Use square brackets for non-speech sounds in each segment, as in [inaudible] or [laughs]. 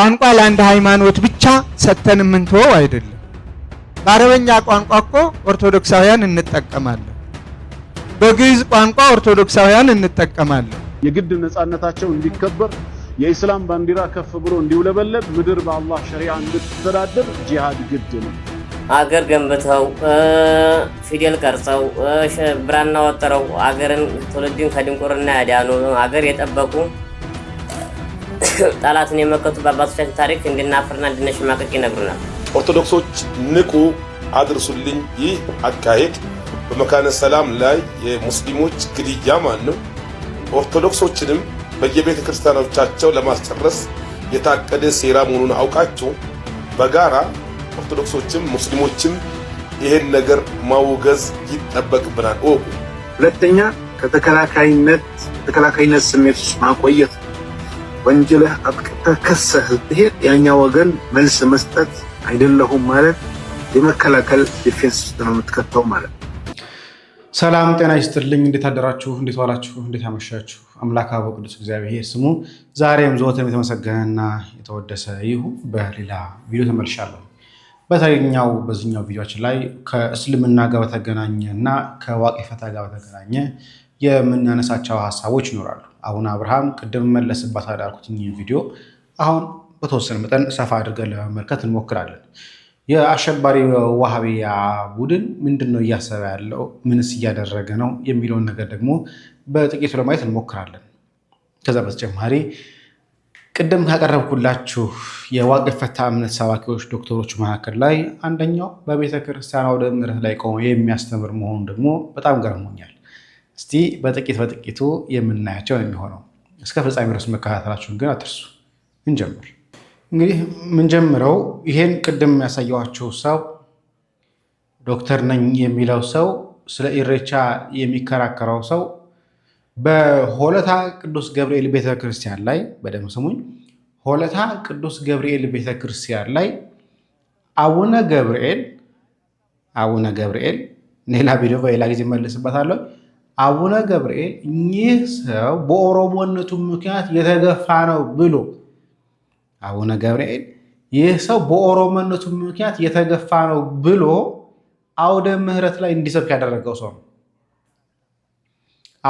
ቋንቋ ለአንድ ሃይማኖት ብቻ ሰጥተን የምንትወው አይደለም። በአረበኛ ቋንቋ እኮ ኦርቶዶክሳውያን እንጠቀማለን። በግዕዝ ቋንቋ ኦርቶዶክሳውያን እንጠቀማለን። የግድ ነፃነታቸው እንዲከበር የኢስላም ባንዲራ ከፍ ብሎ እንዲውለበለብ ምድር በአላህ ሸሪዓ እንድትተዳደር ጂሃድ ግድ ነው። አገር ገንብተው ፊደል ቀርጸው ብራና ወጥረው አገርን ትውልድን ከድንቁርና ያዳኑ አገር የጠበቁ [laughs] ጠላትን የመከቱ በአባቶቻችን ታሪክ እንድናፍርና እንድንሸማቀቅ ይነግሩናል። ኦርቶዶክሶች ንቁ፣ አድርሱልኝ። ይህ አካሄድ በመካነ ሰላም ላይ የሙስሊሞች ግድያ ማን ነው? ኦርቶዶክሶችንም በየቤተ ክርስቲያኖቻቸው ለማስጨረስ የታቀደ ሴራ መሆኑን አውቃችሁ በጋራ ኦርቶዶክሶችም ሙስሊሞችም ይሄን ነገር ማውገዝ ይጠበቅብናል። ሁለተኛ ከተከላካይነት ከተከላካይነት ስሜት ውስጥ ማቆየት ወንጀልህ አጥቅተህ ከሰህ ስትሄድ ያኛ ወገን መልስ መስጠት አይደለሁም ማለት የመከላከል ዲፌንስ ውስጥ ነው የምትከተው ማለት ሰላም ጤና ይስጥልኝ። እንዴት አደራችሁ? እንዴት ዋላችሁ? እንዴት አመሻችሁ? አምላክ አበ ቅዱስ እግዚአብሔር ስሙ ዛሬም ዘወትም የተመሰገነና የተወደሰ ይሁን። በሌላ ቪዲዮ ተመልሻለሁ። በተኛው በዚኛው ቪዲዮችን ላይ ከእስልምና ጋር በተገናኘ እና ከዋቂ ፈታ ጋር በተገናኘ የምናነሳቸው ሀሳቦች ይኖራሉ። አሁን አብርሃም ቅድም መለስባት አዳልኩትኝ ቪዲዮ አሁን በተወሰነ መጠን ሰፋ አድርገን ለመመልከት እንሞክራለን። የአሸባሪ ዋሃቢያ ቡድን ምንድን ነው እያሰበ ያለው? ምንስ እያደረገ ነው? የሚለውን ነገር ደግሞ በጥቂቱ ለማየት እንሞክራለን። ከዛ በተጨማሪ ቅድም ካቀረብኩላችሁ የዋቅ ፈታ እምነት ሰባኪዎች ዶክተሮች መካከል ላይ አንደኛው በቤተ አውደ ምሕረት ላይ ቆሞ የሚያስተምር መሆኑ ደግሞ በጣም ገርሞኛል። እስቲ በጥቂት በጥቂቱ የምናያቸው የሚሆነው እስከ ፍጻሜ ድረስ መከታተላችሁን ግን አትርሱ። እንጀምር። እንግዲህ ምንጀምረው ይሄን ቅድም ያሳየኋችሁ ሰው ዶክተር ነኝ የሚለው ሰው ስለ ኢሬቻ የሚከራከረው ሰው በሆለታ ቅዱስ ገብርኤል ቤተክርስቲያን ላይ በደም ስሙኝ። ሆለታ ቅዱስ ገብርኤል ቤተክርስቲያን ላይ አቡነ ገብርኤል አቡነ ገብርኤል ሌላ ቪዲዮ በሌላ ጊዜ መልስበታለሁ። አቡነ ገብርኤል እኚህ ሰው በኦሮሞነቱ ምክንያት የተገፋ ነው ብሎ አቡነ ገብርኤል ይህ ሰው በኦሮሞነቱ ምክንያት የተገፋ ነው ብሎ አውደ ምሕረት ላይ እንዲሰብክ ያደረገው ሰው ነው።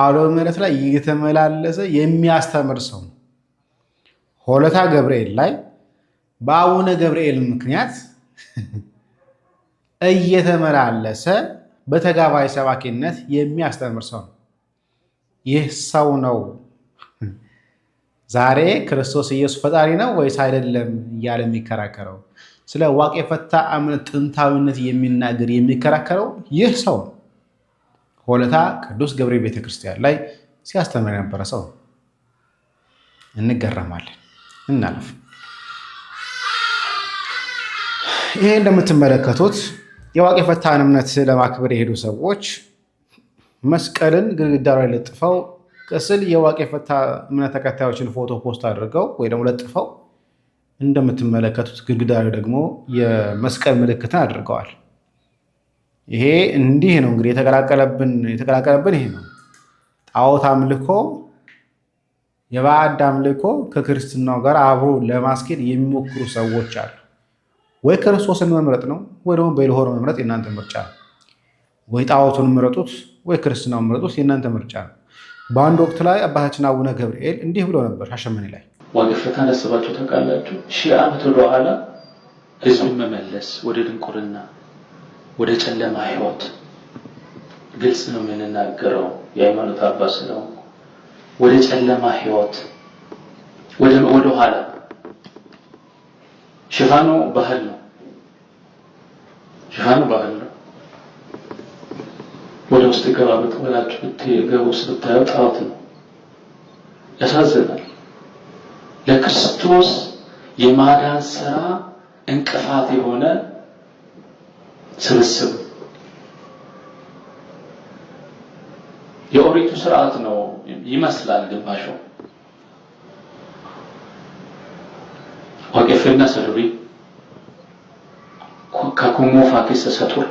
አውደ ምሕረት ላይ እየተመላለሰ የሚያስተምር ሰው ነው። ሆለታ ገብርኤል ላይ በአቡነ ገብርኤል ምክንያት [laughs] እየተመላለሰ በተጋባይ ሰባኪነት የሚያስተምር ሰው ነው። ይህ ሰው ነው ዛሬ ክርስቶስ ኢየሱስ ፈጣሪ ነው ወይስ አይደለም እያለ የሚከራከረው ስለ ዋቄ ፈታ እምነት ጥንታዊነት የሚናገር የሚከራከረው ይህ ሰው ነው። ሆለታ ቅዱስ ገብርኤል ቤተክርስቲያን ላይ ሲያስተምር የነበረ ሰው እንገረማለን። እናለፍ። ይሄ እንደምትመለከቱት የዋቄ ፈታን እምነት ለማክበር የሄዱ ሰዎች መስቀልን ግድግዳ ላይ ለጥፈው ቅስል የዋቄ ፈታ እምነት ተከታዮችን ፎቶ ፖስት አድርገው ወይ ደግሞ ለጥፈው እንደምትመለከቱት ግድግዳ ላይ ደግሞ የመስቀል ምልክትን አድርገዋል። ይሄ እንዲህ ነው እንግዲህ የተቀላቀለብን ይሄ ነው ጣዖት አምልኮ የባዕድ አምልኮ ከክርስትናው ጋር አብሮ ለማስኬድ የሚሞክሩ ሰዎች አሉ። ወይ ክርስቶስን መምረጥ ነው ወይ ደግሞ በልሆሮ መምረጥ የእናንተ ምርጫ ነው። ወይ ጣዖቱን ምረጡት ወይ ክርስትናው ምረጡት የእናንተ ምርጫ ነው። በአንድ ወቅት ላይ አባታችን አቡነ ገብርኤል እንዲህ ብሎ ነበር። ሻሸመኔ ላይ ዋገፍታ ታነስባችሁ ታውቃላችሁ። ሺህ ዓመት ወደኋላ ህዝብን መመለስ ወደ ድንቁርና፣ ወደ ጨለማ ህይወት ግልጽ ነው የምንናገረው የሃይማኖት አባት ስለሆንኩ ወደ ጨለማ ህይወት ወደ ኋላ ሽፋኑ ባህል ነው። ሽፋኑ ባህል ነው። ወደ ውስጥ ገባ ብላችሁ ብትገቡ ብታየው ጣዖት ነው። ያሳዝናል። ለክርስቶስ የማዳን ስራ እንቅፋት የሆነ ስብስብ የኦሪቱ ስርዓት ነው ይመስላል ግማሹ Qulqullina ሰዱሪ ከኮሞ ፋኪስ keessa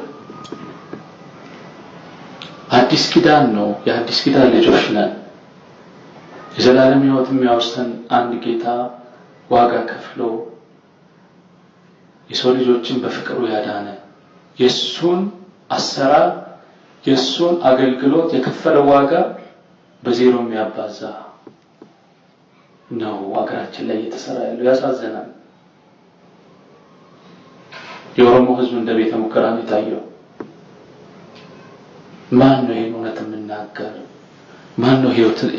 አዲስ ኪዳን ነው። የአዲስ ኪዳን ልጆች ነን። የዘላለም ህይወት የሚያወርሰን አንድ ጌታ ዋጋ ከፍሎ የሰው ልጆችን በፍቅሩ ያዳነ የእሱን አሰራር የእሱን አገልግሎት የከፈለ ዋጋ በዜሮ የሚያባዛ ነው። ሀገራችን ላይ እየተሰራ ያለው ያሳዘናል። የኦሮሞ ህዝብ እንደ ቤተ ሙከራ ነው የታየው። ማን ነው ይሄን እውነት የምናገር? ማን ነው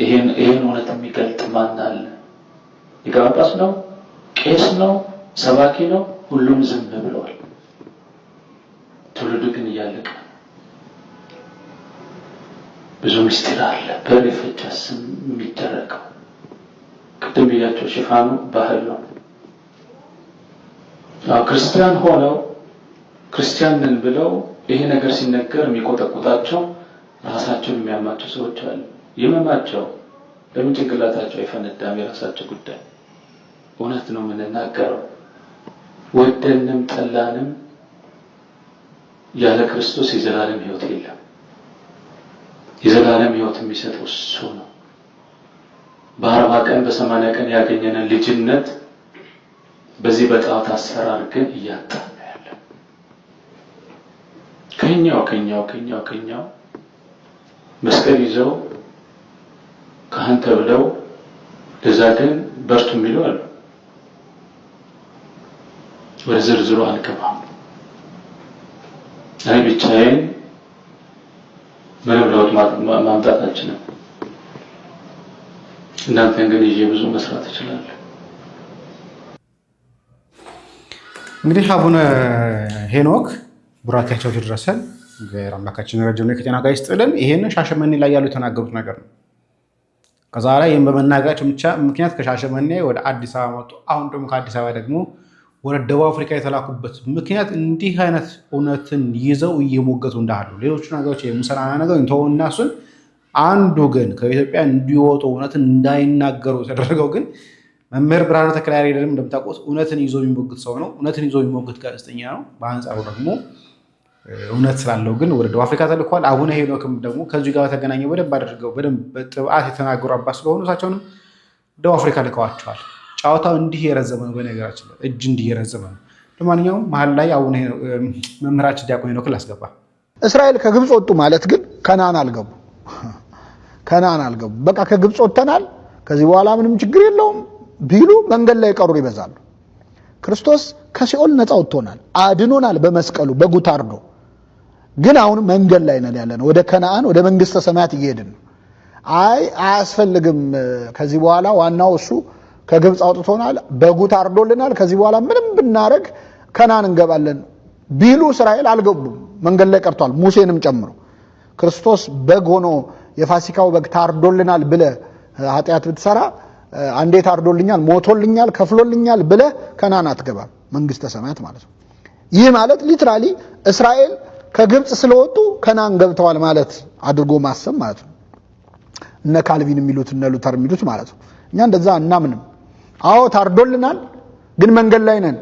ይሄን እውነት የሚገልጥ? ማን አለ? ሊቀ ነው? ቄስ ነው? ሰባኪ ነው? ሁሉም ዝም ብለዋል። ትውልዱ ግን እያለቀ ብዙ ምስጢር አለ። በር የፈቻ ስም የሚደረገው ቅድም ያቸው ሽፋኑ ባህል ነው። ክርስቲያን ሆነው ክርስቲያን ነን ብለው ይሄ ነገር ሲነገር የሚቆጠቁጣቸው ራሳቸውን የሚያማቸው ሰዎች አሉ። ይመማቸው ለምን ጭንቅላታቸው አይፈነዳም? የራሳቸው ጉዳይ። እውነት ነው የምንናገረው። ወደንም ጠላንም ያለ ክርስቶስ የዘላለም ሕይወት የለም። የዘላለም ሕይወት የሚሰጥ እሱ ነው። በአርባ ቀን በሰማንያ ቀን ያገኘንን ልጅነት በዚህ በጣዖት አሰራር ግን እያጣ ከኛው ከኛው ከኛው ከኛው መስቀል ይዘው ካህን ተብለው ለዛ ግን በርቱ የሚለው አሉ። ወደ ዝርዝሩ አልገባም። እኔ ብቻዬን ምንም ለውጥ ማምጣት አልችልም። እናንተን ግን ይዤ ብዙ መስራት እችላለሁ። እንግዲህ አቡነ ሄኖክ ቡራኪያቸው ትድረሰን። እግዚአብሔር አምላካችን ረጅም ከጤና ጋር ይስጥልን። ይህን ሻሸመኔ ላይ ያሉ የተናገሩት ነገር ነው። ከዛ ላይ ይህም በመናገራቸው ምክንያት ከሻሸመኔ ወደ አዲስ አበባ መጡ። አሁን ደግሞ ከአዲስ አበባ ደግሞ ወደ ደቡብ አፍሪካ የተላኩበት ምክንያት እንዲህ አይነት እውነትን ይዘው እየሞገቱ እንዳሉ ሌሎቹ ነገሮች የሙሰናና ነገር ተውና እናሱን አንዱ ግን ከኢትዮጵያ እንዲወጡ እውነትን እንዳይናገሩ የተደረገው ግን መምህር ብርሃነ ተክለሃይማኖት እንደምታውቁት እውነትን ይዞ የሚሞግት ሰው ነው። እውነትን ይዞ የሚሞግት ጋዜጠኛ ነው። በአንጻሩ ደግሞ እውነት ስላለው ግን ወደ ደቡብ አፍሪካ ተልኳል። አቡነ ሄኖክም ደግሞ ከዚሁ ጋር ተገናኘ በደንብ አድርገው በደንብ በጥብዓት የተናገሩ አባት ስለሆኑ እሳቸውንም ደቡብ አፍሪካ ልከዋቸዋል። ጨዋታው እንዲህ የረዘመ ነው፣ በነገራችን እጅ እንዲህ የረዘመ ነው። ለማንኛውም መሀል ላይ አቡነ መምህራችን ዲያቆን ሄኖክ ላስገባ። እስራኤል ከግብፅ ወጡ ማለት ግን ከነአን አልገቡ፣ ከነአን አልገቡ። በቃ ከግብፅ ወጥተናል፣ ከዚህ በኋላ ምንም ችግር የለውም ቢሉ መንገድ ላይ ቀሩ ይበዛሉ። ክርስቶስ ከሲኦል ነፃ ወጥቶናል፣ አድኖናል በመስቀሉ በጉታርዶ ግን አሁን መንገድ ላይ ነን ያለ ነው። ወደ ከነአን ወደ መንግስተ ሰማያት እየሄድን ነው። አይ አያስፈልግም፣ ከዚህ በኋላ ዋናው እሱ ከግብፅ አውጥቶናል፣ በጉ ታርዶልናል፣ ከዚህ በኋላ ምንም ብናደረግ ከነአን እንገባለን ቢሉ እስራኤል አልገቡም፣ መንገድ ላይ ቀርቷል። ሙሴንም ጨምሮ ክርስቶስ በግ ሆኖ የፋሲካው በግ ታርዶልናል ብለ ኃጢአት ብትሰራ አንዴ ታርዶልኛል፣ ሞቶልኛል፣ ከፍሎልኛል ብለ ከነአን አትገባም፣ መንግስተ ሰማያት ማለት ነው። ይህ ማለት ሊትራሊ እስራኤል ከግብፅ ስለወጡ ከናን ገብተዋል ማለት አድርጎ ማሰብ ማለት ነው። እነ ካልቪን የሚሉት እነ ሉተር የሚሉት ማለት ነው። እኛ እንደዛ እናምንም። አዎ ታርዶልናል፣ ግን መንገድ ላይ ነን።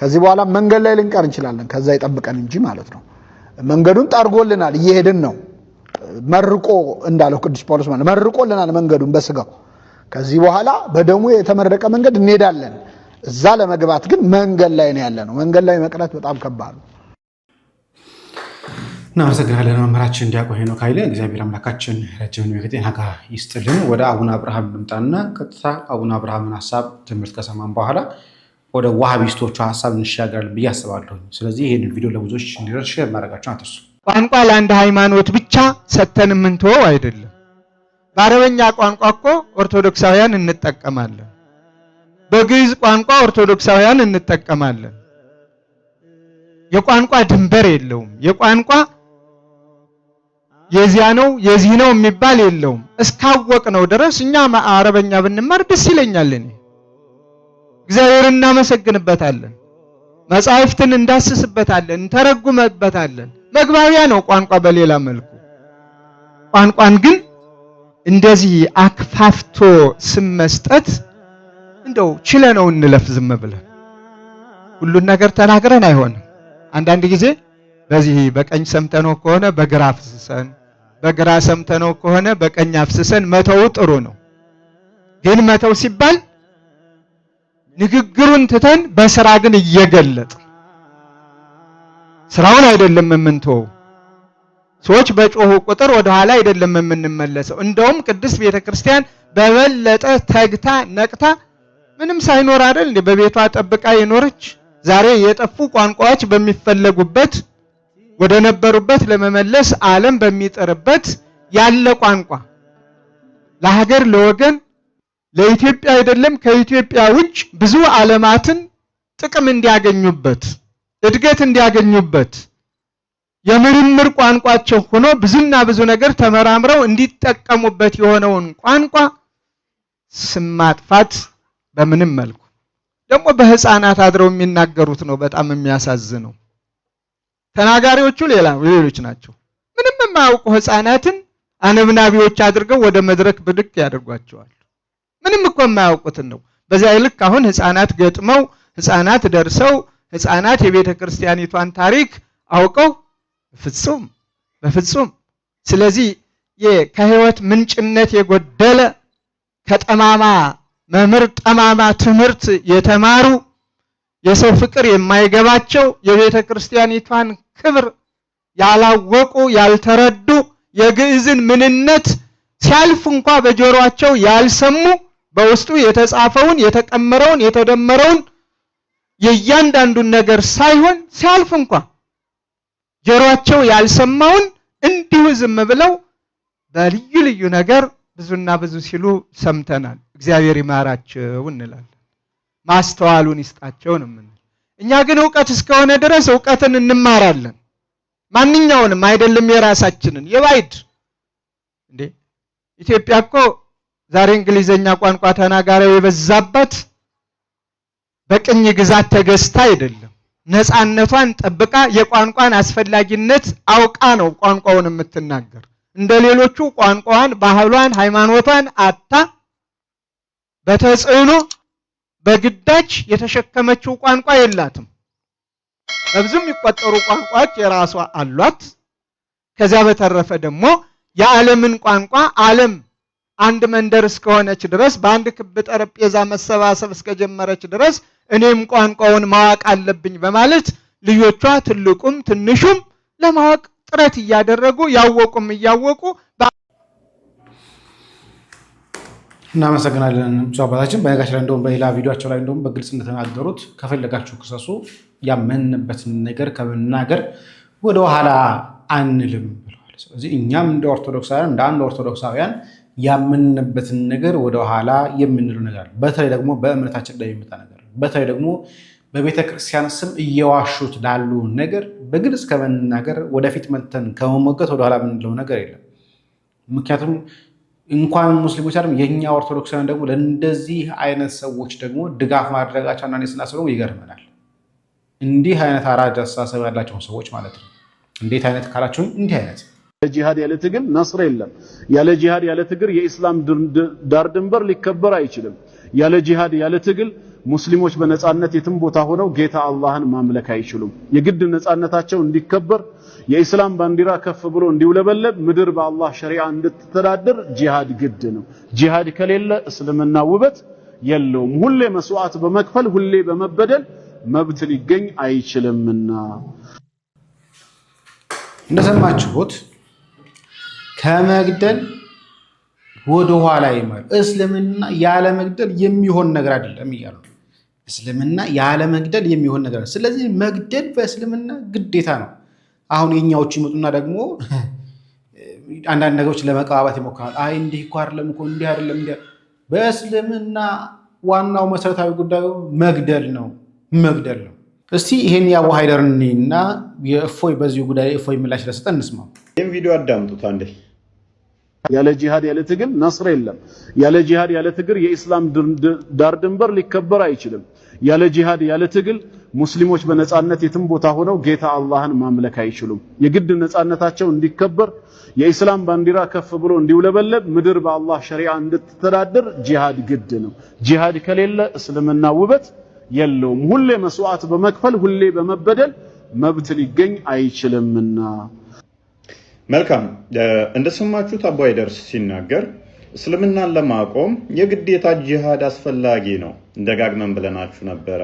ከዚህ በኋላ መንገድ ላይ ልንቀር እንችላለን። ከዛ ይጠብቀን እንጂ ማለት ነው። መንገዱን ጠርጎልናል፣ እየሄድን ነው። መርቆ እንዳለው ቅዱስ ጳውሎስ ማለት መርቆልናል መንገዱን በስጋው ከዚህ በኋላ በደሙ የተመረቀ መንገድ እንሄዳለን። እዛ ለመግባት ግን መንገድ ላይ ነው ያለ ነው። መንገድ ላይ መቅረት በጣም ከባድ ነው። እናመሰግናለን መምህራችን ዲያቆን ሄኖክ ኃይለ። እግዚአብሔር አምላካችን ረጅም ዕድሜ ከጤና ጋር ይስጥልን። ወደ አቡነ አብርሃም ልምጣና ቀጥታ አቡነ አብርሃምን ሀሳብ ትምህርት ከሰማን በኋላ ወደ ዋሃቢስቶቹ ሀሳብ እንሻገራለን ብዬ አስባለሁ። ስለዚህ ይህን ቪዲዮ ለብዙዎች እንዲደርስ ሼር ማድረጋቸውን አትርሱ። ቋንቋ ለአንድ ሃይማኖት ብቻ ሰጥተን የምንተወው አይደለም። በአረበኛ ቋንቋ እኮ ኦርቶዶክሳውያን እንጠቀማለን፣ በግዕዝ ቋንቋ ኦርቶዶክሳውያን እንጠቀማለን። የቋንቋ ድንበር የለውም። የቋንቋ የዚያ ነው የዚህ ነው የሚባል የለውም። እስካወቅ ነው ድረስ እኛ አረበኛ ብንማር ደስ ይለኛል። እኔ እግዚአብሔር እናመሰግንበታለን፣ መጻሕፍትን እንዳስስበታለን፣ እንተረጉመበታለን። መግባቢያ ነው ቋንቋ በሌላ መልኩ። ቋንቋን ግን እንደዚህ አክፋፍቶ ስም መስጠት እንደው ችለ ነው እንለፍ ዝም ብለን ሁሉን ነገር ተናግረን አይሆንም። አንዳንድ ጊዜ በዚህ በቀኝ ሰምተነው ከሆነ በግራ አፍስሰን በግራ ሰምተነው ከሆነ በቀኝ አፍስሰን መተው ጥሩ ነው። ግን መተው ሲባል ንግግሩን ትተን በስራ ግን እየገለጥ ስራውን አይደለም የምንተወው። ሰዎች በጮሁ ቁጥር ወደኋላ አይደለም የምንመለሰው። እንደውም ቅድስት ቤተ ክርስቲያን በበለጠ ተግታ ነቅታ ምንም ሳይኖር አይደል በቤቷ ጠብቃ የኖረች ዛሬ የጠፉ ቋንቋዎች በሚፈለጉበት ወደ ነበሩበት ለመመለስ ዓለም በሚጥርበት ያለ ቋንቋ ለሀገር ለወገን ለኢትዮጵያ አይደለም ከኢትዮጵያ ውጭ ብዙ ዓለማትን ጥቅም እንዲያገኙበት እድገት እንዲያገኙበት የምርምር ቋንቋቸው ሆኖ ብዙና ብዙ ነገር ተመራምረው እንዲጠቀሙበት የሆነውን ቋንቋ ስም ማጥፋት በምንም መልኩ ደግሞ በህፃናት አድረው የሚናገሩት ነው። በጣም የሚያሳዝነው ተናጋሪዎቹ ሌላ ሌሎች ናቸው። ምንም የማያውቁ ህፃናትን አነብናቢዎች አድርገው ወደ መድረክ ብድቅ ያደርጓቸዋል። ምንም እኮ የማያውቁትን ነው። በዚያ ልክ አሁን ህፃናት ገጥመው ህፃናት ደርሰው ህፃናት የቤተ ክርስቲያኒቷን ታሪክ አውቀው ፍጹም በፍጹም ስለዚህ ከህይወት ምንጭነት የጎደለ ከጠማማ መምህር ጠማማ ትምህርት የተማሩ የሰው ፍቅር የማይገባቸው የቤተ ክርስቲያኒቷን ክብር ያላወቁ ያልተረዱ የግዕዝን ምንነት ሲያልፍ እንኳ በጆሮቸው ያልሰሙ በውስጡ የተጻፈውን የተቀመረውን የተደመረውን የእያንዳንዱን ነገር ሳይሆን ሲያልፍ እንኳ ጆሮአቸው ያልሰማውን እንዲሁ ዝም ብለው በልዩ ልዩ ነገር ብዙና ብዙ ሲሉ ሰምተናል። እግዚአብሔር ይማራቸው እንላለን። ማስተዋሉን ይስጣቸው ነው። እኛ ግን እውቀት እስከሆነ ድረስ እውቀትን እንማራለን። ማንኛውንም አይደለም የራሳችንን የባይድ እንዴ ኢትዮጵያ እኮ ዛሬ እንግሊዘኛ ቋንቋ ተናጋሪ የበዛባት በቅኝ ግዛት ተገዝታ አይደለም፣ ነፃነቷን ጠብቃ የቋንቋን አስፈላጊነት አውቃ ነው ቋንቋውን የምትናገር። እንደ ሌሎቹ ቋንቋዋን፣ ባህሏን፣ ሃይማኖቷን አታ በተጽዕኖ በግዳጅ የተሸከመችው ቋንቋ የላትም። በብዙ የሚቆጠሩ ቋንቋዎች የራሷ አሏት። ከዚያ በተረፈ ደግሞ የዓለምን ቋንቋ ዓለም አንድ መንደር እስከሆነች ድረስ በአንድ ክብ ጠረጴዛ መሰባሰብ እስከጀመረች ድረስ እኔም ቋንቋውን ማወቅ አለብኝ በማለት ልጆቿ ትልቁም ትንሹም ለማወቅ ጥረት እያደረጉ ያወቁም እያወቁ እናመሰግናለን ብፁዕ አባታችን። በነጋቸው ላይ እንደውም በሌላ ቪዲዮቸው ላይ እንደውም በግልጽ እንደተናገሩት ከፈለጋችሁ ክሰሱ፣ ያመንበትን ነገር ከመናገር ወደኋላ አንልም ብለዋል። ስለዚህ እኛም እንደ ኦርቶዶክሳውያን እንደ አንድ ኦርቶዶክሳውያን ያመንበትን ነገር ወደኋላ የምንለው ነገር በተለይ ደግሞ በእምነታችን ላይ የሚመጣ ነገር በተለይ ደግሞ በቤተ ክርስቲያን ስም እየዋሹት ላሉ ነገር በግልጽ ከመናገር ወደፊት መተን ከመሞገት ወደኋላ የምንለው ነገር የለም። ምክንያቱም እንኳን ሙስሊሞች አይደለም የእኛ ኦርቶዶክሳውያን ደግሞ ለእንደዚህ አይነት ሰዎች ደግሞ ድጋፍ ማድረጋቸው አንዳንዴ ስናስበው ይገርመናል። እንዲህ አይነት አራጅ አስተሳሰብ ያላቸውን ሰዎች ማለት ነው። እንዴት አይነት ካላቸውን እንዲህ አይነት ጂሃድ ያለ ትግል ነስር የለም። ያለ ጂሃድ ያለ ትግል የኢስላም ዳር ድንበር ሊከበር አይችልም። ያለ ጂሃድ ያለ ትግል ሙስሊሞች በነፃነት የትም ቦታ ሆነው ጌታ አላህን ማምለክ አይችሉም። የግድ ነፃነታቸው እንዲከበር የኢስላም ባንዲራ ከፍ ብሎ እንዲውለበለብ ምድር በአላህ ሸሪዓ እንድትተዳደር ጂሃድ ግድ ነው። ጂሃድ ከሌለ እስልምና ውበት የለውም። ሁሌ መስዋዕት በመክፈል ሁሌ በመበደል መብት ሊገኝ አይችልምና እንደሰማችሁት ከመግደል ወደ ኋላ ይመር። እስልምና ያለ መግደል የሚሆን ነገር አይደለም እያሉ እስልምና ያለ መግደል የሚሆን ነገር ስለዚህ መግደል በእስልምና ግዴታ ነው። አሁን የኛዎቹ ይመጡና ደግሞ [laughs] አንዳንድ ነገሮች ለመቀባባት ይሞክራል። አይ እንዲህ እኮ አይደለም እኮ እንዲህ አይደለም። በእስልምና ዋናው መሰረታዊ ጉዳዩ መግደል ነው፣ መግደል ነው። እስቲ ይሄን የአቡ ሀይደርን እና የእፎይ በዚሁ ጉዳይ እፎይ ምላሽ ለሰጠ እንስማ። ይህም ቪዲዮ አዳምጡት አንዴ። ያለ ጂሃድ ያለ ትግል ነስር የለም። ያለ ጂሃድ ያለ ትግል የኢስላም ዳር ድንበር ሊከበር አይችልም። ያለ ጂሃድ ያለ ትግል ሙስሊሞች በነጻነት የትም ቦታ ሆነው ጌታ አላህን ማምለክ አይችሉም። የግድ ነጻነታቸው እንዲከበር የኢስላም ባንዲራ ከፍ ብሎ እንዲውለበለብ ምድር በአላህ ሸሪዓ እንድትተዳደር ጂሃድ ግድ ነው። ጂሃድ ከሌለ እስልምና ውበት የለውም። ሁሌ መስዋዕት በመክፈል ሁሌ በመበደል መብት ሊገኝ አይችልምና። መልካም እንደሰማችሁት አባይ ደርስ ሲናገር እስልምናን ለማቆም የግዴታ ጂሃድ አስፈላጊ ነው። ደጋግመን ብለናችሁ ነበረ።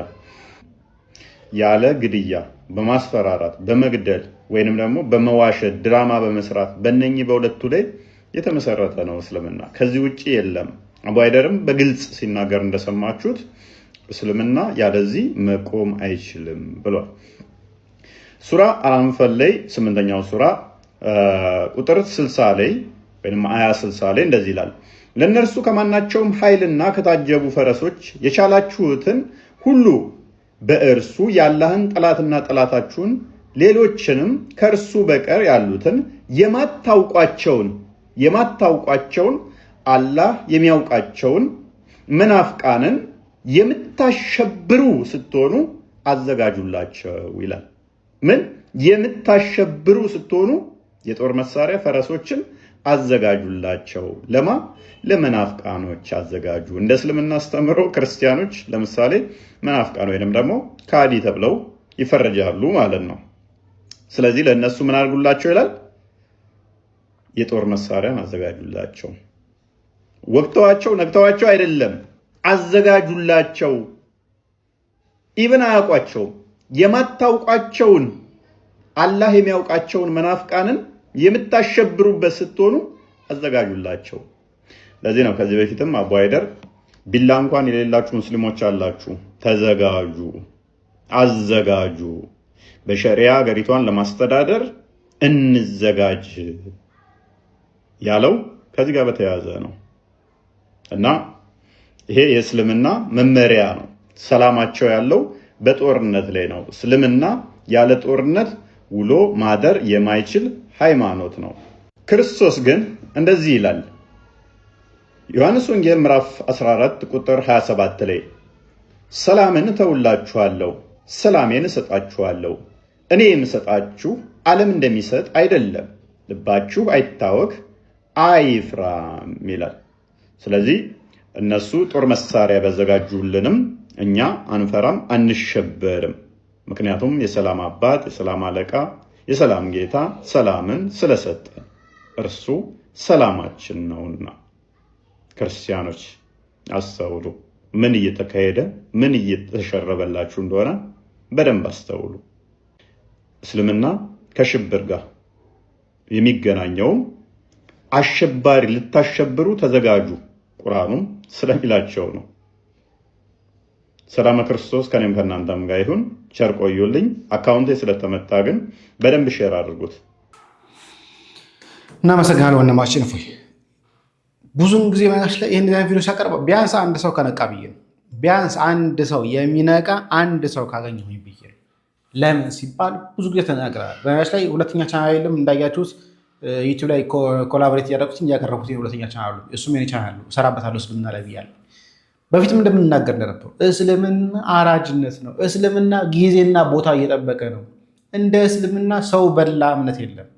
ያለ ግድያ በማስፈራራት በመግደል ወይንም ደግሞ በመዋሸት ድራማ በመስራት በነኚህ በሁለቱ ላይ የተመሰረተ ነው እስልምና። ከዚህ ውጭ የለም። አቡሀይደርም በግልጽ ሲናገር እንደሰማችሁት እስልምና ያለዚህ መቆም አይችልም ብሏል። ሱራ አላንፈል ላይ ስምንተኛው ሱራ ቁጥር 60 ላይ ወይም አያ ስልሳ ላይ እንደዚህ ይላል ለእነርሱ ከማናቸውም ኃይልና ከታጀቡ ፈረሶች የቻላችሁትን ሁሉ በእርሱ የአላህን ጠላትና ጠላታችሁን ሌሎችንም ከእርሱ በቀር ያሉትን የማታውቋቸውን የማታውቋቸውን አላህ የሚያውቃቸውን መናፍቃንን የምታሸብሩ ስትሆኑ አዘጋጁላቸው ይላል። ምን የምታሸብሩ ስትሆኑ የጦር መሳሪያ ፈረሶችን አዘጋጁላቸው። ለማ ለመናፍቃኖች አዘጋጁ። እንደ እስልምና አስተምሮ ክርስቲያኖች ለምሳሌ መናፍቃን ወይንም ደግሞ ካዲ ተብለው ይፈረጃሉ ማለት ነው። ስለዚህ ለእነሱ ምን አድርጉላቸው ይላል? የጦር መሳሪያን አዘጋጁላቸው። ወቅተዋቸው ነግተዋቸው አይደለም፣ አዘጋጁላቸው። ኢብን አያውቋቸውም። የማታውቋቸውን አላህ የሚያውቃቸውን መናፍቃንን የምታሸብሩበት ስትሆኑ አዘጋጁላቸው። ለዚህ ነው ከዚህ በፊትም አቡ ቢላ እንኳን የሌላችሁ ሙስሊሞች አላችሁ፣ ተዘጋጁ፣ አዘጋጁ፣ በሸሪያ ሀገሪቷን ለማስተዳደር እንዘጋጅ ያለው ከዚህ ጋር በተያያዘ ነው እና ይሄ የእስልምና መመሪያ ነው። ሰላማቸው ያለው በጦርነት ላይ ነው። እስልምና ያለ ጦርነት ውሎ ማደር የማይችል ሃይማኖት ነው። ክርስቶስ ግን እንደዚህ ይላል ዮሐንስ ወንጌል ምዕራፍ 14 ቁጥር 27 ላይ ሰላምን እተውላችኋለሁ፣ ሰላሜን እሰጣችኋለሁ። እኔ የምሰጣችሁ ዓለም እንደሚሰጥ አይደለም፣ ልባችሁ አይታወክ አይፍራም ይላል። ስለዚህ እነሱ ጦር መሳሪያ ቢያዘጋጁልንም እኛ አንፈራም፣ አንሸበርም። ምክንያቱም የሰላም አባት የሰላም አለቃ የሰላም ጌታ ሰላምን ስለሰጠን እርሱ ሰላማችን ነውና። ክርስቲያኖች አስተውሉ። ምን እየተካሄደ ምን እየተሸረበላችሁ እንደሆነ በደንብ አስተውሉ። እስልምና ከሽብር ጋር የሚገናኘውም አሸባሪ ልታሸብሩ ተዘጋጁ ቁርአኑም ስለሚላቸው ነው። ሰላም ክርስቶስ ከኔም ከእናንተም ጋር ይሁን። ቸር ቆዩልኝ። አካውንቴ ስለተመታ ግን በደንብ ሼር አድርጉት። እናመሰግናለን ወንድማችን እፎይ። ብዙን ጊዜ መናች ላይ ይህን ቪዲዮ ሲያቀርበ ቢያንስ አንድ ሰው ከነቃ ብዬ ነው። ቢያንስ አንድ ሰው የሚነቃ አንድ ሰው ካገኘ ሆኝ ብዬ ነው። ለምን ሲባል ብዙ ጊዜ ተናግራል። በመናች ላይ ሁለተኛ ቻናልም እንዳያችሁት ዩቲዩብ ላይ ኮላቦሬት እያደረጉት እያቀረቡት ሁለተኛ ቻናሉ እሱም ቻናሉ እሰራበታለሁ ስልምና ላይ ብያለሁ በፊትም እንደምንናገር እንደነበሩ እስልምና አራጅነት ነው። እስልምና ጊዜና ቦታ እየጠበቀ ነው። እንደ እስልምና ሰው በላ እምነት የለም።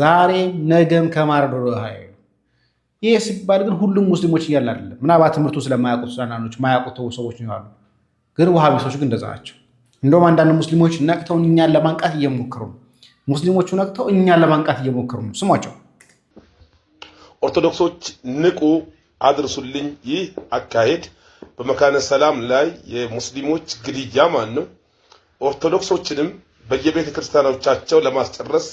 ዛሬም ነገም ከማረዶ ኃይሉ ይህ ሲባል ግን ሁሉም ሙስሊሞች እያለ አይደለም። ምናልባት ትምህርቱ ስለማያውቁት ሱዳናኖች ማያውቁት ሰዎች ይኖራሉ። ግን ውሃቢሶች ግን እንደዛ ናቸው። እንደውም አንዳንድ ሙስሊሞች ነቅተው እኛን ለማንቃት እየሞከሩ ነው። ሙስሊሞቹ ነቅተው እኛን ለማንቃት እየሞከሩ ነው። ስሟቸው ኦርቶዶክሶች ንቁ አድርሱልኝ። ይህ አካሄድ በመካነ ሰላም ላይ የሙስሊሞች ግድያ ማን ነው? ኦርቶዶክሶችንም በየቤተ ክርስቲያኖቻቸው ለማስጨረስ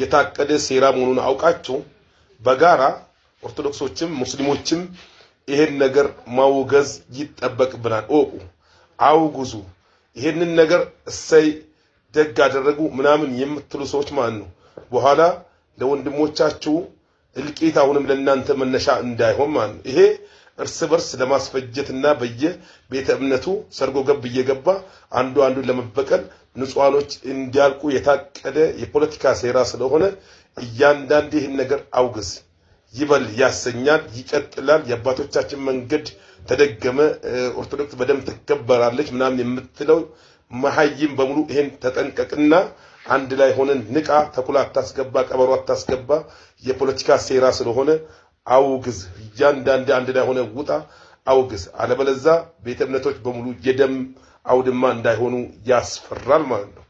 የታቀደ ሴራ መሆኑን አውቃችሁ በጋራ ኦርቶዶክሶችም ሙስሊሞችም ይሄን ነገር ማውገዝ ይጠበቅብናል። ኦቁ አውግዙ። ይሄንን ነገር እሰይ ደግ አደረጉ ምናምን የምትሉ ሰዎች ማን ነው በኋላ ለወንድሞቻችሁ እልቂት አሁንም ለእናንተ መነሻ እንዳይሆን ማለት ነው። ይሄ እርስ በርስ ለማስፈጀትና በየ ቤተ እምነቱ ሰርጎ ገብ እየገባ አንዱ አንዱን ለመበቀል ንጹሐኖች እንዲያልቁ የታቀደ የፖለቲካ ሴራ ስለሆነ እያንዳንድ ይህን ነገር አውግዝ። ይበል ያሰኛል፣ ይቀጥላል። የአባቶቻችን መንገድ ተደገመ፣ ኦርቶዶክስ በደም ትከበራለች ምናምን የምትለው መሀይም በሙሉ ይህን ተጠንቀቅና አንድ ላይ ሆነን ንቃ፣ ተኩላ አታስገባ፣ ቀበሮ አታስገባ፣ የፖለቲካ ሴራ ስለሆነ አውግዝ። እያንዳንድ አንድ ላይ ሆነ ውጣ፣ አውግዝ። አለበለዛ ቤተ እምነቶች በሙሉ የደም አውድማ እንዳይሆኑ ያስፈራል ማለት ነው።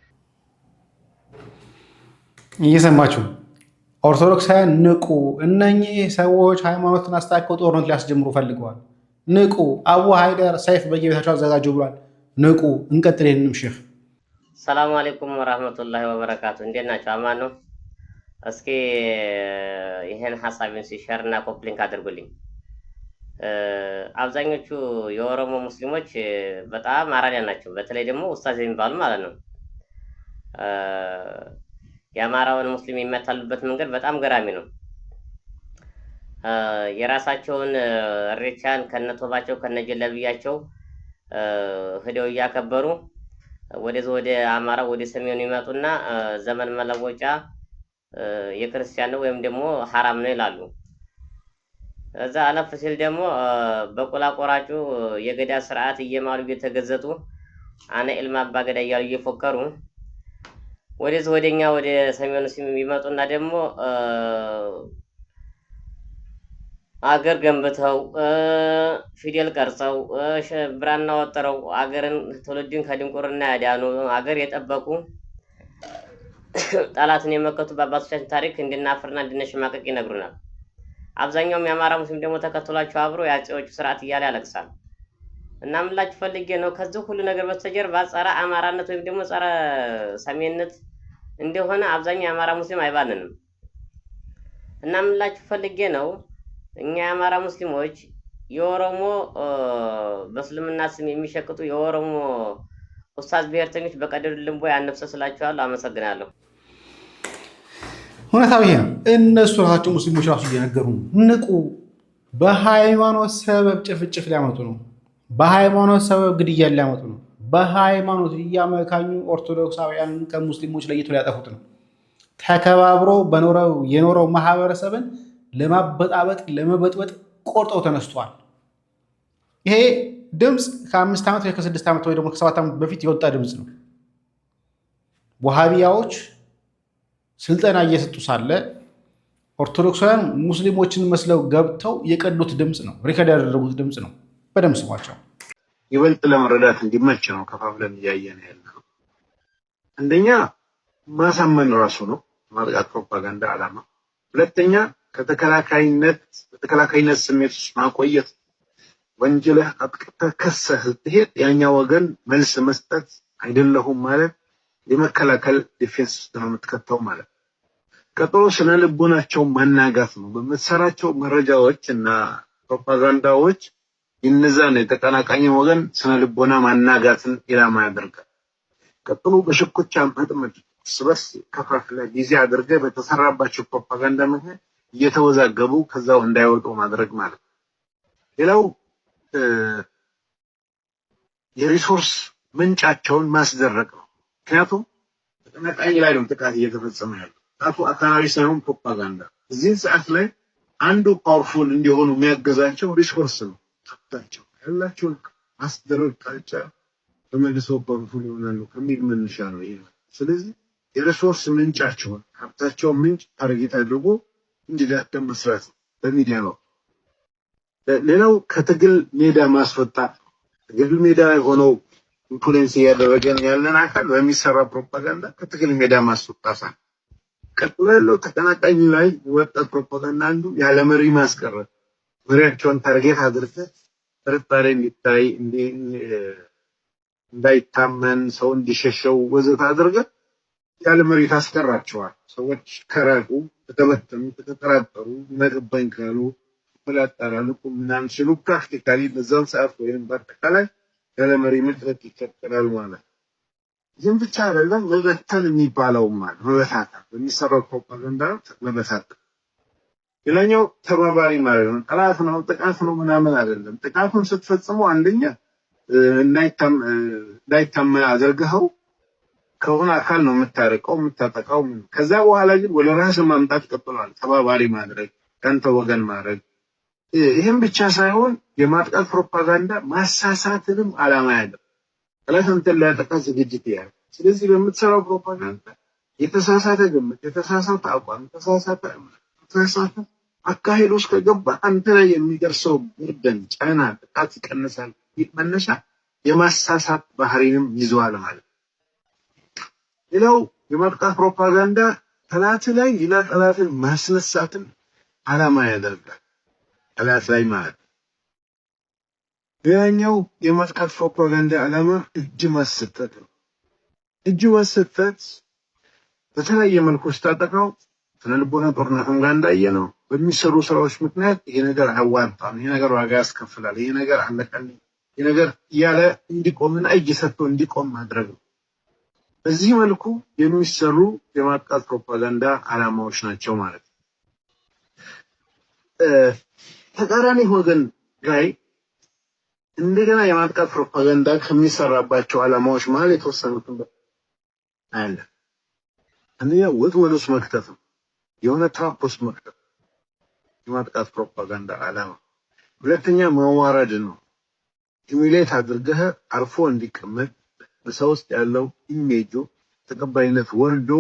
እየሰማችሁ ኦርቶዶክሳውያን ንቁ! እነኚህ ሰዎች ሃይማኖትን አስተካክለው ጦርነት ሊያስጀምሩ ፈልገዋል። ንቁ! አቡ ሀይደር ሰይፍ በየቤታቸው አዘጋጁ ብሏል። ንቁ! እንቀጥል። ይህንም ሼህ ሰላም አለይኩም ወራህመቱላሂ ወበረካቱ። እንዴት ናቸው? አማን ነው። እስኪ ይሄን ሀሳቤን ሲሸር እና ኮፕሊንክ አድርጉልኝ። አብዛኞቹ የኦሮሞ ሙስሊሞች በጣም አራዳ ናቸው። በተለይ ደግሞ ኡስታዝ የሚባሉ ማለት ነው። የአማራውን ሙስሊም የሚያታሉበት መንገድ በጣም ገራሚ ነው። የራሳቸውን እሬቻን ከነቶባቸው ከነጀለብያቸው ህደው እያከበሩ ወደዚ ወደ አማራ ወደ ሰሜኑ ይመጡና ዘመን መለወጫ የክርስቲያን ነው ወይም ደግሞ ሀራም ነው ይላሉ። እዛ አለፍ ሲል ደግሞ በቆላቆራጩ የገዳ ስርዓት እየማሉ እየተገዘጡ አነ ኢልማ አባገዳ እያሉ እየፎከሩ ወደዚህ ወደኛ ወደ ሰሜኑ ይመጡና ደግሞ አገር ገንብተው ፊደል ቀርጸው ብራና ወጥረው አገርን ትውልድን ከድንቁርና ያዳኑ አገር የጠበቁ ጠላትን የመከቱ በአባቶቻችን ታሪክ እንድናፍርና እንድነሸማቀቅ ይነግሩናል። አብዛኛውም የአማራ ሙስሊም ደግሞ ተከትሏቸው አብሮ የአፄዎቹ ስርዓት እያለ ያለቅሳል። እና ምላችሁ ፈልጌ ነው ከዚህ ሁሉ ነገር በስተጀርባ ጸረ አማራነት ወይም ደግሞ ጸረ ሰሜንነት እንደሆነ አብዛኛው የአማራ ሙስሊም አይባልንም። እና ምላችሁ ፈልጌ ነው እኛ የአማራ ሙስሊሞች የኦሮሞ በእስልምና ስም የሚሸቅጡ የኦሮሞ ኡስታዝ ብሔርተኞች በቀደር ልንቦ ያነብሰ አመሰግናለሁ። እውነታዊ ነው። እነሱ ራሳቸው ሙስሊሞች ራሱ እየነገሩ ንቁ። በሃይማኖት ሰበብ ጭፍጭፍ ሊያመጡ ነው። በሃይማኖት ሰበብ ግድያ ሊያመጡ ነው። በሃይማኖት እያመካኙ ኦርቶዶክሳውያንን ከሙስሊሞች ለይቶ ሊያጠፉት ነው። ተከባብሮ የኖረው ማህበረሰብን ለማበጣበጥ ለመበጥበጥ ቆርጠው ተነስተዋል። ይሄ ድምፅ ከአምስት ዓመት ወይ ከስድስት ዓመት ወይ ደግሞ ከሰባት ዓመት በፊት የወጣ ድምፅ ነው። ወሃቢያዎች ስልጠና እየሰጡ ሳለ ኦርቶዶክሳውያን ሙስሊሞችን መስለው ገብተው የቀዱት ድምፅ ነው። ሪከርድ ያደረጉት ድምፅ ነው። በደምብ ስሟቸው። ይበልጥ ለመረዳት እንዲመች ነው ከፋፍለን እያየን ነው። አንደኛ ማሳመን ራሱ ነው ማጥቃት ፕሮፓጋንዳ ዓላማ። ሁለተኛ ከተከላካይነት በተከላካይነት ስሜት ውስጥ ማቆየት ወንጀልህ አጥቅተህ ከሰህ ስትሄድ ያኛ ወገን መልስ መስጠት አይደለሁም ማለት የመከላከል ዲፌንስ ውስጥ ነው የምትከተው ማለት ነው። ቀጥሎ ስነ ልቦናቸው ማናጋት ነው። በምትሰራቸው መረጃዎች እና ፕሮፓጋንዳዎች ይነዛን የተቀናቃኝ ወገን ስነ ልቦና ማናጋትን ኢላማ ያደርጋል። ቀጥሎ በሽኩቻ መጥመድ፣ ስበስ ከፋፍለ ጊዜ አድርገ በተሰራባቸው ፕሮፓጋንዳ ምክንያት እየተወዛገቡ ከዛው እንዳይወጡ ማድረግ ማለት ነው። ሌላው የሪሶርስ ምንጫቸውን ማስደረቅ ነው። ምክንያቱም ተቀናቃኝ ላይ ነው ጥቃት እየተፈጸመ ያለው ጥቃቱ አካባቢ ሳይሆን ፕሮፓጋንዳ። እዚህ ሰዓት ላይ አንዱ ፓወርፉል እንዲሆኑ የሚያገዛቸው ሪሶርስ ነው። ታቸው ያላቸውን ማስደረቅ ቃጫ በመልሶ ፓወርፉል ይሆናሉ ከሚል መነሻ ነው ይሄ። ስለዚህ የሪሶርስ ምንጫቸውን ሀብታቸውን ምንጭ ታርጌት አድርጎ እንዲዳከም መስራት በሚዲያ ነው። ሌላው ከትግል ሜዳ ማስወጣት ትግል ሜዳ የሆነው ኢንፍሉዌንስ እያደረገን ያለን አካል በሚሰራ ፕሮፓጋንዳ ከትግል ሜዳ ማስወጣት፣ ቀጥሎ ያለው ተቀናቃኝ ላይ ወጣት ፕሮፓጋንዳ አንዱ ያለ መሪ ማስቀረት፣ መሪያቸውን ታርጌት አድርገህ ጥርጣሬ እንዲታይ እንዳይታመን ሰው እንዲሸሸው ወዘተ አድርገህ ያለ መሬት አስቀራቸዋል። ሰዎች ከራቁ፣ ተተመተኑ፣ ከተጠራጠሩ ነቅበኝ ካሉ ይበላጠራልቁ ምናምን ሲሉ ፕራክቲካሊ በዛን ሰዓት ወይም በአጠቃላይ ያለ መሪ ምድረት ይፈጠራል ማለት ይህም ብቻ አይደለም። መበተን የሚባለው አለ። መበታተን በሚሰራው ፕሮፓጋንዳ መበታተን ሌላኛው ተባባሪ ማለት ነው። ጠላት ነው፣ ጥቃት ነው ምናምን አይደለም። ጥቃቱን ስትፈጽሙ አንደኛ እንዳይታመን አድርገኸው ከሆነ አካል ነው የምታረቀው የምታጠቃው። ከዛ በኋላ ግን ወደ ራስ ማምጣት ቀጥሏል። ተባባሪ ማድረግ፣ ከአንተ ወገን ማድረግ። ይህም ብቻ ሳይሆን የማጥቃት ፕሮፓጋንዳ ማሳሳትንም አላማ ያለው ጥላት አንተን ሊያጠቃ ዝግጅት ያ ስለዚህ በምትሰራው ፕሮፓጋንዳ የተሳሳተ ግምት፣ የተሳሳተ አቋም፣ የተሳሳተ ተሳሳተ አካሄድ ውስጥ ከገባ አንተ ላይ የሚደርሰው ቡርደን፣ ጫና፣ ጥቃት ይቀንሳል። መነሻ የማሳሳት ባህሪንም ይዘዋል ማለት ነው። ሌላው የማጥቃት ፕሮፓጋንዳ ጠላት ላይ ሌላ ጠላትን ማስነሳትን አላማ ያደርጋል። ጠላት ላይ ማለት ሌላኛው የማጥቃት ፕሮፓጋንዳ ዓላማ እጅ ማሰጠት ነው። እጅ ማሰጠት በተለያየ መልኩ ስታጠቃው ስነልቦና ጦርነትም ጋር እንዳየ ነው። በሚሰሩ ስራዎች ምክንያት ይሄ ነገር አያዋጣም፣ ይሄ ነገር ዋጋ ያስከፍላል፣ ይሄ ነገር አለቀልኝ፣ ይሄ ነገር እያለ እንዲቆምና እጅ ሰጥቶ እንዲቆም ማድረግ ነው። በዚህ መልኩ የሚሰሩ የማጥቃት ፕሮፓጋንዳ አላማዎች ናቸው ማለት ነው። ተቃራኒ ወገን ላይ እንደገና የማጥቃት ፕሮፓጋንዳ ከሚሰራባቸው አላማዎች መሀል የተወሰኑትን አለ። አንደኛው ወጥመድ ውስጥ መክተት ነው። የሆነ ትራፕ ውስጥ መክተት የማጥቃት ፕሮፓጋንዳ አላማ። ሁለተኛ መዋረድ ነው። ኢሚሌት አድርገህ አርፎ እንዲቀመጥ በሰው ውስጥ ያለው ኢሜጁ ተቀባይነት ወርዶ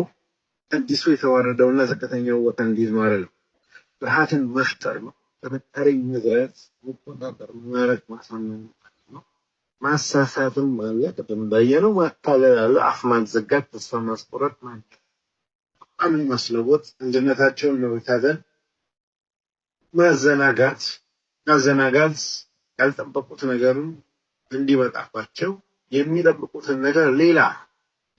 አዲሱ የተዋረደውና ዝቅተኛው ቦታ እንዲይዝ ማድረግ ነው። ፍርሃትን መፍጠር ነው። ጥርጣሬ መዝራት፣ መቆጣጠር፣ ማረግ፣ ማሳመን ነው። ማሳሳትም አለ። ቅድም እንዳየነው ማታለል አለ። አፍ ማዘጋት፣ ተስፋ ማስቆረጥ፣ ማን አምን ማስለወጥ፣ አንድነታቸውን መበታተን፣ ማዘናጋት ማዘናጋት ያልጠበቁት ነገርም እንዲመጣባቸው የሚጠብቁትን ነገር ሌላ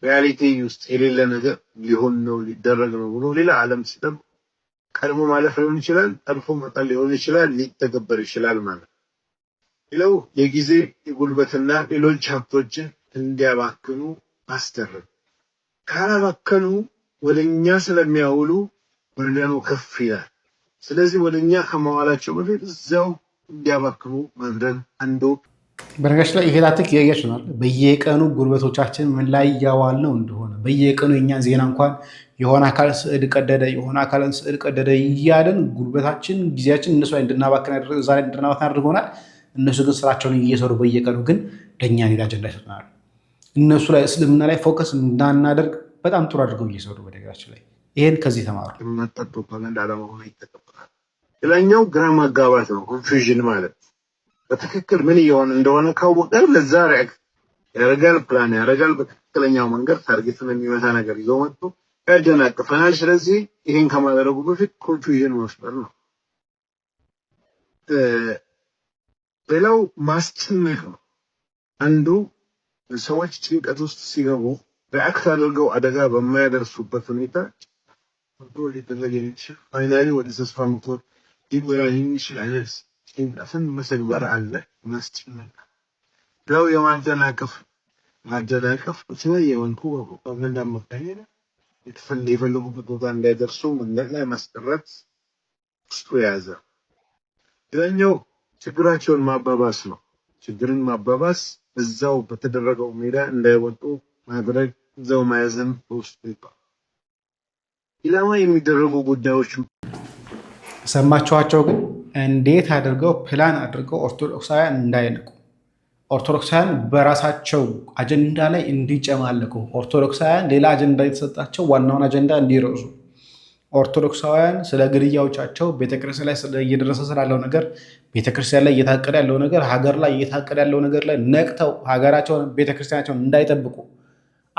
ሪያሊቲ ውስጥ የሌለ ነገር ሊሆን ነው ሊደረግ ነው ብሎ ሌላ ዓለም ሲጠብቁ ቀድሞ ማለፍ ሊሆን ይችላል፣ ጠልፎ መጣል ሊሆን ይችላል፣ ሊተገበር ይችላል ማለት ነው። ሌላው የጊዜ የጉልበትና ሌሎች ሀብቶችን እንዲያባክኑ አስደረግ ካላባከኑ ወደኛ ስለሚያውሉ ወደኑ ከፍ ይላል። ስለዚህ ወደኛ ከመዋላቸው በፊት እዚያው እንዲያባክኑ ማድረግ አንዱ በነገራችን ላይ ይሄ ታክቲክ እያያችሁ ነው። በየቀኑ ጉልበቶቻችን ምን ላይ እያዋልነው እንደሆነ በየቀኑ የእኛን ዜና እንኳን የሆነ አካል ስዕል ቀደደ፣ የሆነ አካልን ስዕል ቀደደ እያለን ጉልበታችን፣ ጊዜያችን እነሱ ላይ እንድናባክን አድርጎናል። እነሱ ግን ስራቸውን እየሰሩ በየቀኑ ግን ለእኛ ሌላ አጀንዳ ይሰጡናል። እነሱ ላይ እስልምና ላይ ፎከስ እንዳናደርግ በጣም ጥሩ አድርገው እየሰሩ በነገራችን ላይ ይሄን ከዚህ ተማሩ። የማታ ፕሮፓጋንዳ አለመሆኑ ሌላኛው ግራ ማጋባት ነው፣ ኮንፊውዥን ማለት በትክክል ምን እየሆነ እንደሆነ ካወቀ ለዛ ሪአክት ያደርጋል፣ ፕላን ያደርጋል። በትክክለኛው መንገድ ታርጌትን የሚመታ ነገር ይዞ መጥቶ ያደናቅፈናል። ስለዚህ ይህን ከማድረጉ በፊት ኮንፊውዥን መፍጠር ነው። ሌላው ማስጨነቅ ነው። አንዱ ሰዎች ጭንቀት ውስጥ ሲገቡ ሪአክት አድርገው አደጋ በማያደርሱበት ሁኔታ ኮንትሮል ሊደረግ የሚችል ፋይናሊ ወደ ተስፋ ምክር ሊወራ የሚችል አይነት ስንት መተግበር አለ መስጭመል ለው የማደናቀፍ ማደናቀፍ በተለያየ መልኩ በፕሮፓጋንዳ አማካኝነት የፈለጉበት ቦታ እንዳይደርሱ መንገድ ላይ ማስቀረት ውስጡ የያዘ ሌላኛው ችግራቸውን ማባባስ ነው። ችግርን ማባባስ እዛው በተደረገው ሜዳ እንዳይወጡ ማድረግ እዛው ማያዝም በውስጡ ይባል ኢላማ የሚደረጉ ጉዳዮች ሰማችኋቸው ግን እንዴት አድርገው ፕላን አድርገው ኦርቶዶክሳውያን እንዳይነቁ ኦርቶዶክሳውያን በራሳቸው አጀንዳ ላይ እንዲጨማለቁ ኦርቶዶክሳውያን ሌላ አጀንዳ የተሰጣቸው ዋናውን አጀንዳ እንዲረሱ ኦርቶዶክሳውያን ስለ ግድያዎቻቸው ቤተክርስቲያን ላይ እየደረሰ ስላለው ነገር ቤተክርስቲያን ላይ እየታቀደ ያለው ነገር ሀገር ላይ እየታቀደ ያለው ነገር ላይ ነቅተው ሀገራቸውን ቤተክርስቲያናቸውን እንዳይጠብቁ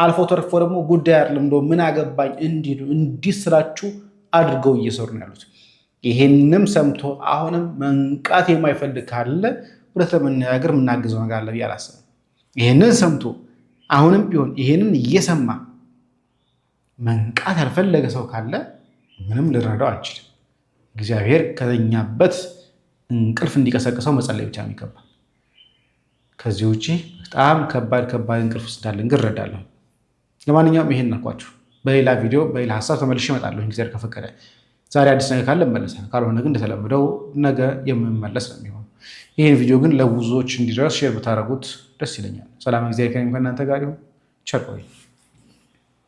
አልፎ ተርፎ ደግሞ ጉዳይ አይደለም ምን አገባኝ እንዲሉ እንዲስላችሁ አድርገው እየሰሩ ነው ያሉት። ይሄንም ሰምቶ አሁንም መንቃት የማይፈልግ ካለ ሁለት ለመነጋገር የምናግዘው ነገር አለ ብዬ አላስብም። ይሄንን ሰምቶ አሁንም ቢሆን ይሄንን እየሰማ መንቃት ያልፈለገ ሰው ካለ ምንም ልረዳው አልችልም። እግዚአብሔር ከተኛበት እንቅልፍ እንዲቀሰቅሰው መጸለይ ብቻ ይገባል። ከዚህ ውጭ በጣም ከባድ ከባድ እንቅልፍ ውስጥ እንዳለን ግን እረዳለሁ። ለማንኛውም ይሄን አልኳችሁ። በሌላ ቪዲዮ በሌላ ሀሳብ ተመልሼ እመጣለሁ እግዚአብሔር ከፈቀደ። ዛሬ አዲስ ነገር ካለ እመለሳለሁ፣ ካልሆነ ግን እንደተለመደው ነገ የምመለስ ነው የሚሆን። ይህን ቪዲዮ ግን ለብዙዎች እንዲደርስ ሼር ብታደረጉት ደስ ይለኛል። ሰላም፣ እግዚአብሔር ከእናንተ ጋር ይሁን። ቸር ቆዩ።